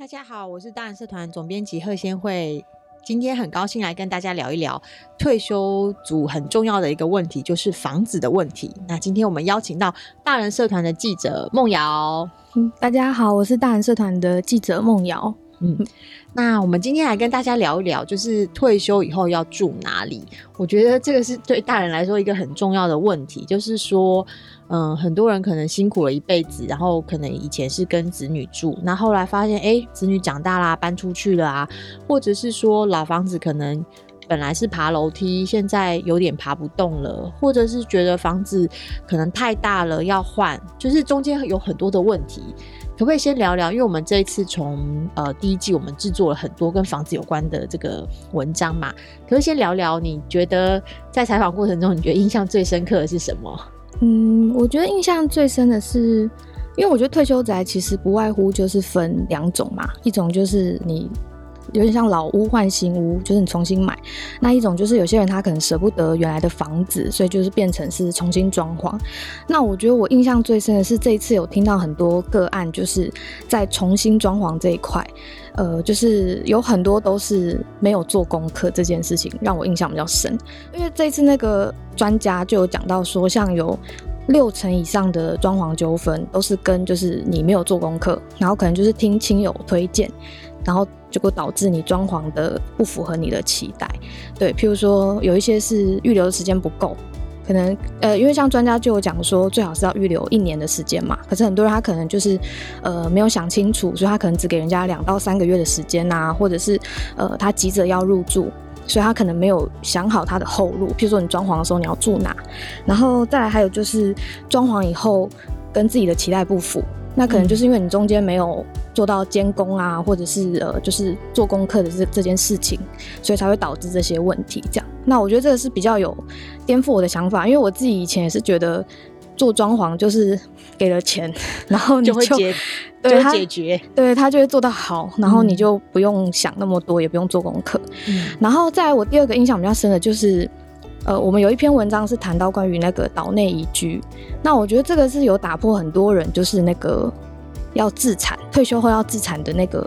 大家好，我是大人社團總編輯賀先蕙。今天很高興來跟大家聊一聊退休族很重要的一個問題，就是房子的問題。那今天我們邀請到大人社團的記者孟瑤、嗯。大家好，我是大人社團的記者孟瑤。嗯，那我們今天來跟大家聊一聊，就是退休以後要住哪裡。我覺得這個是對大人來說一個很重要的問題，就是說，嗯，很多人可能辛苦了一輩子，然後可能以前是跟子女住，那後來發現，欸，子女長大啦，搬出去了啊，或者是說老房子可能本來是爬樓梯，現在有點爬不動了，或者是覺得房子可能太大了要換，就是中間有很多的問題。可不可以先聊聊？因為我們這一次從呃第一季，我們制作了很多跟房子有關的這個文章嘛。可不可以先聊聊？你覺得在採訪過程中，你覺得印象最深刻的是什麼？嗯，我覺得印象最深的是，因為我覺得退休宅其實不外乎就是分兩種嘛，一種就是你。有點像老屋換新屋，就是你重新買那一種；就是有些人他可能捨不得原來的房子，所以就是變成是重新裝潢。那我覺得我印象最深的是這一次有聽到很多個案，就是在重新裝潢這一塊，呃，就是有很多都是沒有做功課這件事情，讓我印象比較深。因為這次那個專家就有講到說，像有六成以上的裝潢糾紛都是跟就是你沒有做功課，然後可能就是聽親友推薦。然後就會導致你裝潢的不符合你的期待，對，譬如說有一些是預留的時間不夠，可能呃，因為像專家就有講說，最好是要預留一年的時間嘛，可是很多人他可能就是呃沒有想清楚，所以他可能只給人家兩到三個月的時間吶、啊，或者是呃他急着要入住，所以他可能沒有想好他的後路，譬如說你裝潢的時候你要住哪，然後再來還有就是裝潢以後跟自己的期待不符。那可能就是因為你中間沒有做到監工啊、嗯，或者是呃，就是做功課的這這件事情，所以才會導致這些問題。這樣，那我覺得這個是比較有顛覆我的想法，因為我自己以前也是覺得做裝潢就是給了錢，然後你就，就會解，對解決，對，他，對他就會做到好，然後你就不用想那麼多，嗯、也不用做功課、嗯。然後，再來我第二個印象比較深的就是。呃，我們有一篇文章是談到關於那個島內移居，那我覺得這個是有打破很多人就是那個要置產退休後要置產的那個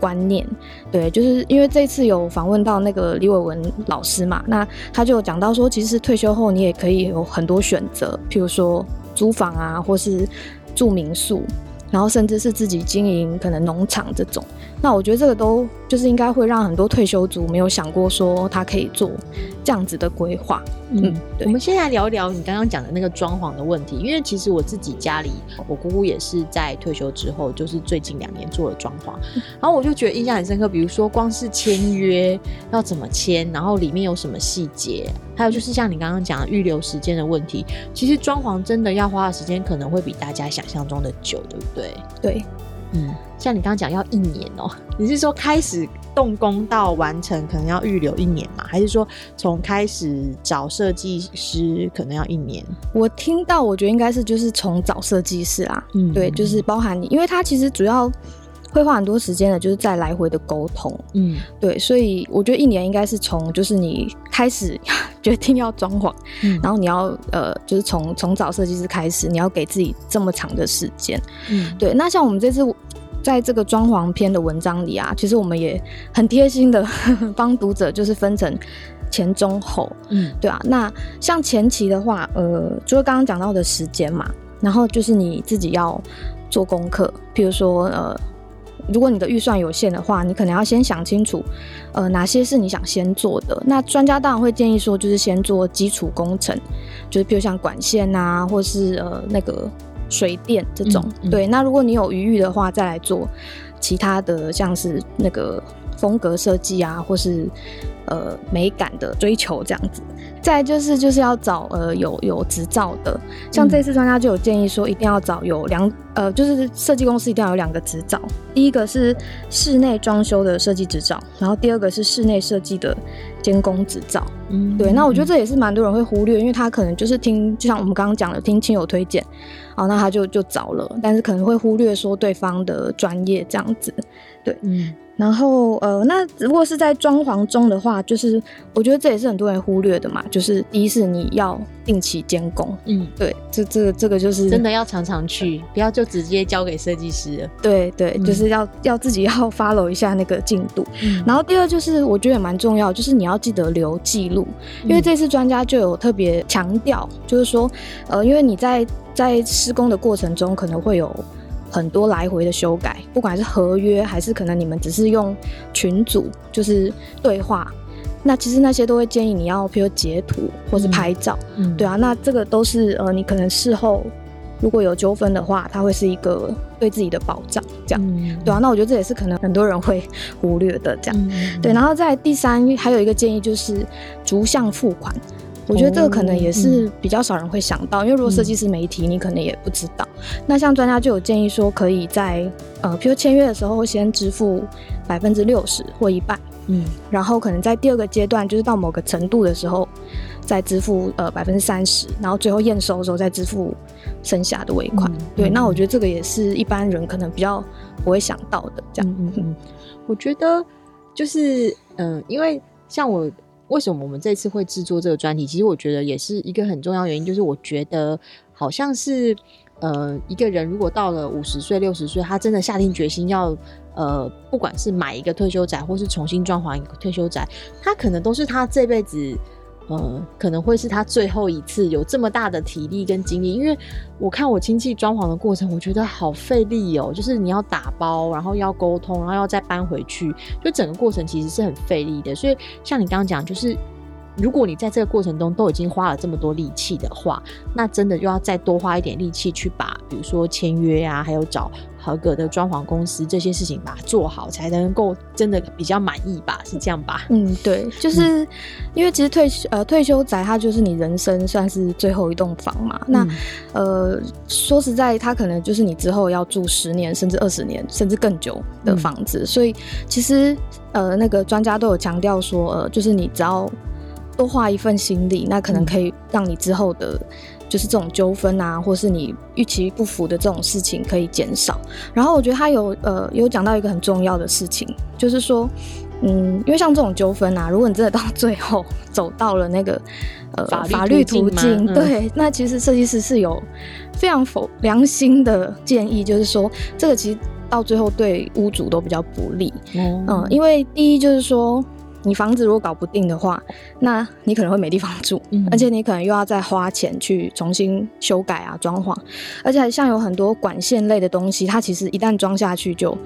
觀念，對，就是因為這一次有訪問到那個李偉文老師嘛，那他就講到說，其實退休後你也可以有很多選擇，譬如說租房啊，或是住民宿。然後甚至是自己經營可能農場這種，那我覺得這個都就是應該會讓很多退休族沒有想過說他可以做這樣子的規劃。嗯，對，我們先來聊一聊你剛剛講的那個裝潢的問題，因為其實我自己家裡，我姑姑也是在退休之後，就是最近兩年做了裝潢，然後我就覺得印象很深刻，比如說光是簽約 要怎麼簽，然後裡面有什麼細節，還有就是像你剛剛講的預留時間的問題，其實裝潢真的要花的時間可能會比大家想象中的久，對不對？對。嗯，像你剛剛講要一年哦。你是說開始動工到完成可能要預留一年嗎？還是說從開始找設計師可能要一年？我聽到我覺得應該是就是從找設計師啦，嗯，對，就是包含你，因為它其實主要。會花很多時間的，就是再來回的溝通，嗯，對，所以我覺得一年應該是從，就是你開始 決定要裝潢，嗯，然後你要呃，就是從從找設計師開始，你要給自己這麼長的時間，嗯，對。那像我們這次在這個裝潢篇的文章裡啊，其實我們也很貼心的幫 讀者就是分成前中後，嗯，對啊。那像前期的話，呃，就是剛剛講到的時間嘛，然後就是你自己要做功課，譬如說呃。如果你的預算有限的話，你可能要先想清楚，呃，哪些是你想先做的。那專家當然會建議說，就是先做基礎工程，就是比如像管線啊，或是呃那個水電這種、嗯嗯。對，那如果你有餘裕的話，再來做其他的，像是那個。風格設計啊，或是呃美感的追求這樣子。再就是就是要找呃有有執照的，像這次專家就有建議說，一定要找有兩呃，就是設計公司一定要有兩個執照，第一個是室內裝修的設計執照，然後第二個是室內設計的監工執照。嗯，對。那我覺得這也是蠻多人會忽略，因為他可能就是聽，就像我們剛剛講的，聽親友推薦，好，那他就就找了，但是可能會忽略說對方的專業這樣子。對，嗯。然後，呃，那如果是在裝潢中的話，就是我覺得這也是很多人忽略的嘛。就是第一是你要定期監工，嗯，對，這這個、這個就是真的要常常去，不要就直接交給設計師。對對，就是要、嗯、要自己要 follow 一下那個進度，嗯。然後第二就是我覺得也蠻重要，就是你要記得留記錄，嗯，因為這次專家就有特別強調，就是說，呃，因為你在在施工的過程中可能會有。很多來回的修改，不管是合約還是可能你們只是用群組就是對話，那其實那些都會建議你要，比如截圖或是拍照、嗯嗯，對啊，那這個都是呃你可能事後如果有糾紛的話，它會是一個對自己的保障，這樣、嗯，對啊，那我覺得這也是可能很多人會忽略的這樣，嗯、對，然後在第三還有一個建議就是逐項付款，我覺得這個可能也是比較少人會想到，哦嗯、因為如果設計師沒提、嗯，你可能也不知道。那像專家就有建議說，可以在呃，譬如簽約的時候先支付百分之六十或一半，嗯，然後可能在第二個階段，就是到某個程度的時候再支付呃百分之三十，然後最後驗收的時候再支付剩下的尾款。嗯、對、嗯，那我覺得這個也是一般人可能比較不會想到的，這樣。嗯、我覺得就是嗯、呃，因為像我為什麼我們這次會製作這個專題，其實我覺得也是一個很重要原因，就是我覺得好像是。呃，一個人如果到了五十歲、六十歲，他真的下定決心要，呃，不管是買一個退休宅，或是重新裝潢一個退休宅，他可能都是他這輩子，呃，可能會是他最後一次有這麼大的體力跟精力。因為我看我親戚裝潢的過程，我覺得好費力哦，就是你要打包，然後要溝通，然後要再搬回去，就整個過程其實是很費力的。所以像你剛剛講，就是。如果你在這個過程中都已經花了這麼多力氣的話，那真的就要再多花一點力氣去把，比如說簽約啊，還有找合格的裝潢公司這些事情把它做好，才能夠真的比較滿意吧？是這樣吧？嗯，對，就是、嗯、因為其實退休呃退休宅它就是你人生算是最後一棟房嘛。嗯、那呃說實在，它可能就是你之後要住十年甚至二十年甚至更久的房子，嗯、所以其實呃那個專家都有強調說，呃就是你只要多花一份心力，那可能可以讓你之後的，嗯、就是這種糾紛啊，或是你預期不符的這種事情可以減少。然後我覺得他有呃有講到一個很重要的事情，就是說，嗯，因為像這種糾紛啊，如果你真的到最後走到了那個呃法律途徑、嗯，對，那其實設計師是有非常否良心的建議，嗯、就是說這個其實到最後對屋主都比較不利。嗯，嗯因為第一就是說，你房子如果搞不定的話，那你可能會沒地方住，嗯、而且你可能又要再花錢去重新修改啊、裝潢，而且像有很多管線類的東西，它其實一旦裝下去就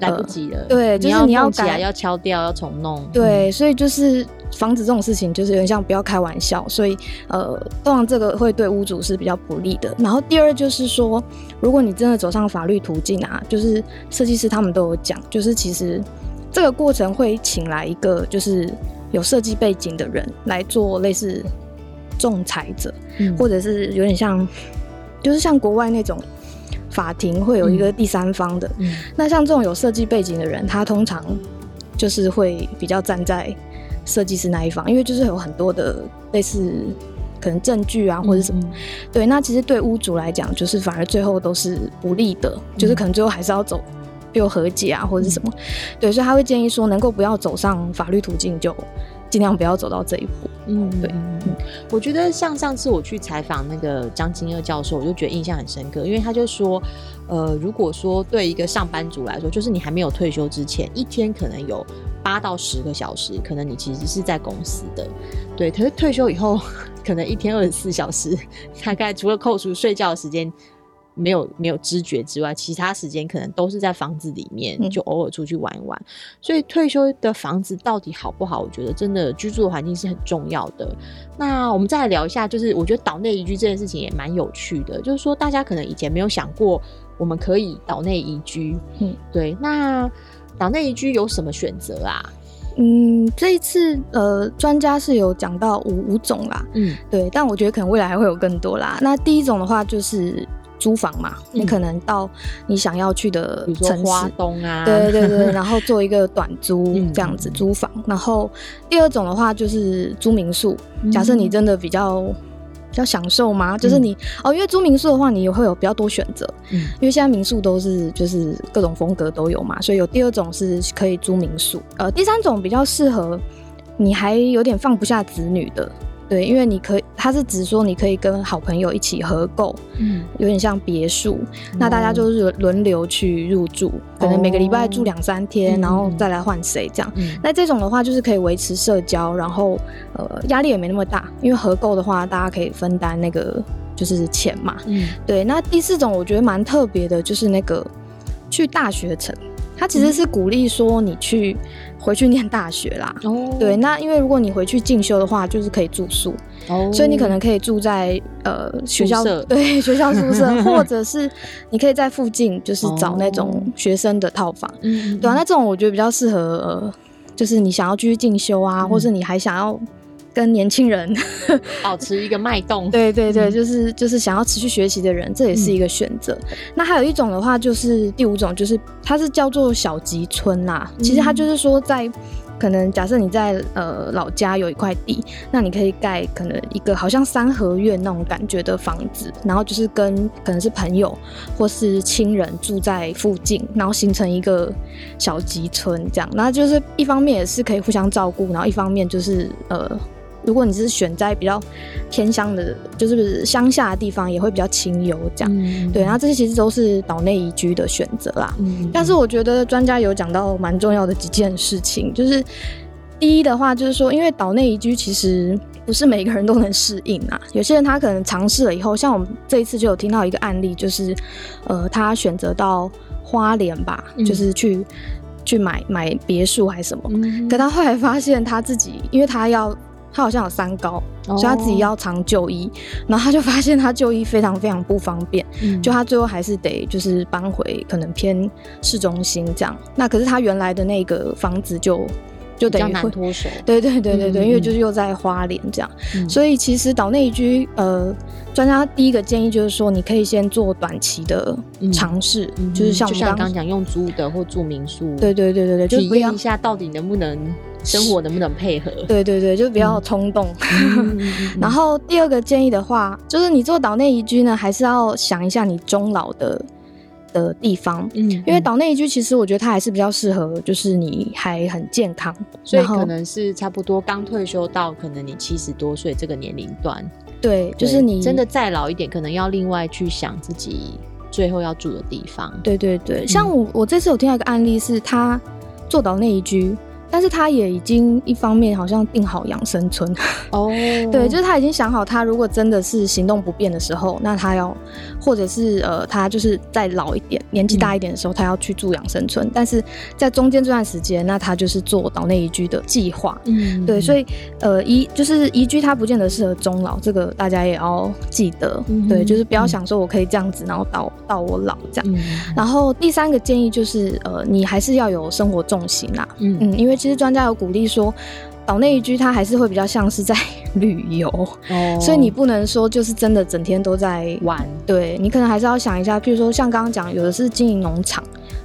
來不及了。呃、對，就是你要改、要敲掉要重弄。對，所以就是房子這種事情就是有點像不要開玩笑，所以呃，當然這個會對屋主是比較不利的。然後第二就是說，如果你真的走上法律途徑啊，就是設計師他們都有講，就是其實。這個過程會請來一個就是有設計背景的人來做類似仲裁者，嗯、或者是有點像，就是像國外那種法庭會有一個第三方的。嗯嗯。那像這種有設計背景的人，他通常就是會比較站在設計師那一方，因為就是有很多的類似可能證據啊或者什麼。嗯嗯。對，那其實對屋主來講，就是反而最後都是不利的，就是可能最後還是要走，又和解啊，或者是什麼？嗯，對，所以他會建議說，能夠不要走上法律途徑，就儘量不要走到這一步。嗯，對。我覺得像上次我去採訪那個張金二教授，我就覺得印象很深刻，因為他就說，呃，如果說對一個上班族來說，就是你還沒有退休之前，一天可能有八到十個小時，可能你其實是在公司的。對，可是退休以後，可能一天二十四小時，大概除了扣除睡覺的時間。沒有沒有知覺之外，其他時間可能都是在房子裡面，就偶爾出去玩一玩，嗯。所以退休的房子到底好不好？我覺得真的居住的環境是很重要的。那我們再來聊一下，就是我覺得島內移居這件事情也蠻有趣的，就是說大家可能以前沒有想過，我們可以島內移居。嗯，對。那島內移居有什麼選擇啊？嗯，這一次呃，專家是有講到五五種啦。嗯，對。但我覺得可能未來還會有更多啦。那第一種的話就是。租房嘛，嗯，你可能到你想要去的城市，比如說花東啊，對對對，對 然後做一個短租這樣子租房，嗯。然後第二種的話就是租民宿，嗯，假設你真的比較比較享受嘛，嗯，就是你哦，因為租民宿的話你也會有比較多選擇，嗯，因為現在民宿都是就是各種風格都有嘛，所以有第二種是可以租民宿。呃，第三種比較適合你還有點放不下子女的。對，因為你可以，他是指說你可以跟好朋友一起合購，嗯，有點像別墅、嗯，那大家就是輪流去入住，哦、可能每個禮拜住兩三天、嗯，然後再來換誰這樣、嗯。那這種的話，就是可以維持社交，然後呃壓力也沒那麼大，因為合購的話，大家可以分擔那個就是錢嘛。嗯，對。那第四種我覺得蠻特別的，就是那個去大學城，它其實是鼓勵說你去。嗯回去念大學啦，oh. 對，那因為如果你回去進修的話，就是可以住宿，oh. 所以你可能可以住在呃學校，宿舍對，學校宿舍， 或者是你可以在附近就是找那種學生的套房，嗯、oh.，對啊，那這種我覺得比較適合、呃，就是你想要繼續進修啊，嗯、或是你還想要。跟年輕人保持一個脈動 對，對對對，嗯、就是就是想要持續學習的人，這也是一個選擇，嗯。那還有一種的話，就是第五種，就是它是叫做小集村啦。其實它就是說在，在、嗯、可能假設你在呃老家有一塊地，那你可以蓋可能一個好像三合院那種感覺的房子，然後就是跟可能是朋友或是親人住在附近，然後形成一個小集村這樣。那就是一方面也是可以互相照顧，然後一方面就是呃。如果你是選在比較偏鄉的，就是鄉下的地方，也會比較清幽。這樣、嗯。對，然後這些其實都是島內移居的選擇啦、嗯。但是我覺得專家有講到蠻重要的幾件事情，就是第一的話，就是說，因為島內移居其實不是每個人都能適應啊。有些人他可能嘗試了以後，像我們這一次就有聽到一個案例，就是呃，他選擇到花蓮吧，就是去、嗯、去買買別墅還是什麼、嗯，可他後來發現他自己，因為他要他好像有三高，哦，所以他自己要常就醫。然後他就發現他就醫非常非常不方便，嗯，就他最後還是得就是搬回可能偏市中心這樣。那可是他原來的那個房子就。就等於會脫手，對對對對對、嗯，因為就是又在花蓮這樣、嗯，所以其實島內移居，呃，專家第一個建議就是說，你可以先做短期的嘗試、嗯，就是像我們剛剛就像剛講用租的或住民宿，對對對對,對就體驗一下到底能不能生活能不能配合，對對對，就不要衝動。嗯、 然後第二個建議的話，就是你做島內移居呢，還是要想一下你終老的。的地方，嗯，因為島內移居其實我覺得它還是比較適合，就是你還很健康，所以可能是差不多剛退休到可能你七十多歲這個年齡段，對，對，就是你真的再老一點，可能要另外去想自己最後要住的地方，對對對。像我、嗯、我這次有聽到一個案例，是他做島內移居。但是他也已經一方面好像定好養生村哦、oh. 對，就是他已經想好，他如果真的是行動不便的時候，那他要，或者是呃，他就是再老一點，年紀大一點的時候，嗯、他要去住養生村。但是在中間這段時間，那他就是做島內移居的計劃，嗯，嗯，對，所以呃，移就是移居，他不見得適合終老，這個大家也要記得嗯嗯嗯，對，就是不要想說我可以這樣子，然後到到我老這樣嗯嗯。然後第三個建議就是呃，你還是要有生活重心啦、啊。嗯嗯，因為。其實專家有鼓勵說，島內移居它還是會比較像是在旅遊，oh. 所以你不能說就是真的整天都在玩。對，你可能還是要想一下，譬如說像剛剛講，有的是經營農場。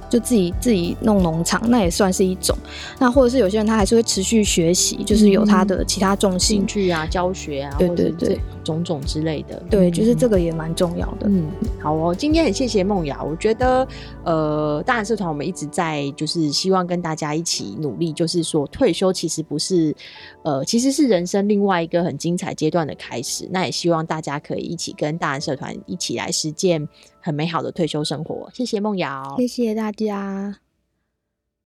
就自己自己弄農場，那也算是一種。那或者是有些人他還是會持續學習，嗯，就是有他的其他重興趣啊、教學啊，對對對，種種之類的。對，就是這個也蠻重要的嗯。嗯，好哦，今天很謝謝孟瑤。我覺得，呃，大人社團我們一直在就是希望跟大家一起努力，就是說退休其實不是，呃，其實是人生另外一個很精彩階段的開始。那也希望大家可以一起跟大人社團一起來實踐。很美好的退休生活，謝謝孟瑤，謝謝大家。